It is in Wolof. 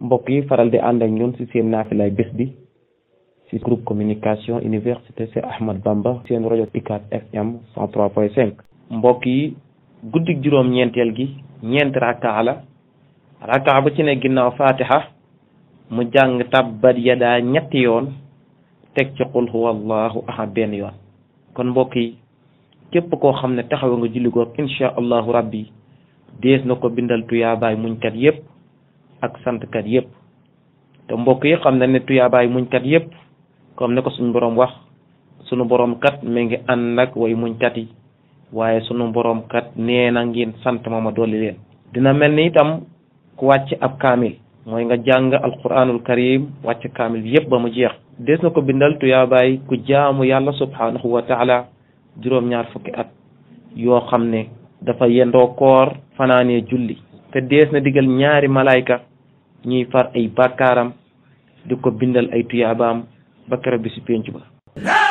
mbokk yi faral di ànd ak ñun ci seen naafilay bés bi ci groupe communication université Cheikh Ahmad Bamba seen rajo UCAD FM 103.5. mbokk yi guddi juróom-ñeenteel gi ñeenti rakka la rakka bu ci ne ginnaaw fatiha mu jàng tabbat yadaa ñetti yoon teg ci qul huwa allahu ahad benn yoon kon mbokk yi képp koo xam ne taxawa nga julli goog incha allahu rabbi dees na ko bindal tuyaabaay muñkat yépp ak santkat yépp te mbokk yi xam na ne tuyaabaay kat yépp comme ne ko suñu boroom wax sunu boroom kat mi ngi ànd ak way muñkat yi waaye sunu boroom kat nee na ngeen sant ma ma dolli leen dina mel ni itam ku wàcc ab kaamil mooy nga jàng alquranul karim wàcc kaamil bi yépp ba mu jeex des na ko bindal tuyaabaay ku jaamu yàlla subhanahu wa taala juróom-ñaar xam ne julli te dees na digal ñaari malayka ñuy far ay bàkkaaram di ko bindal ay tuyaabaam ba keroog bi si ba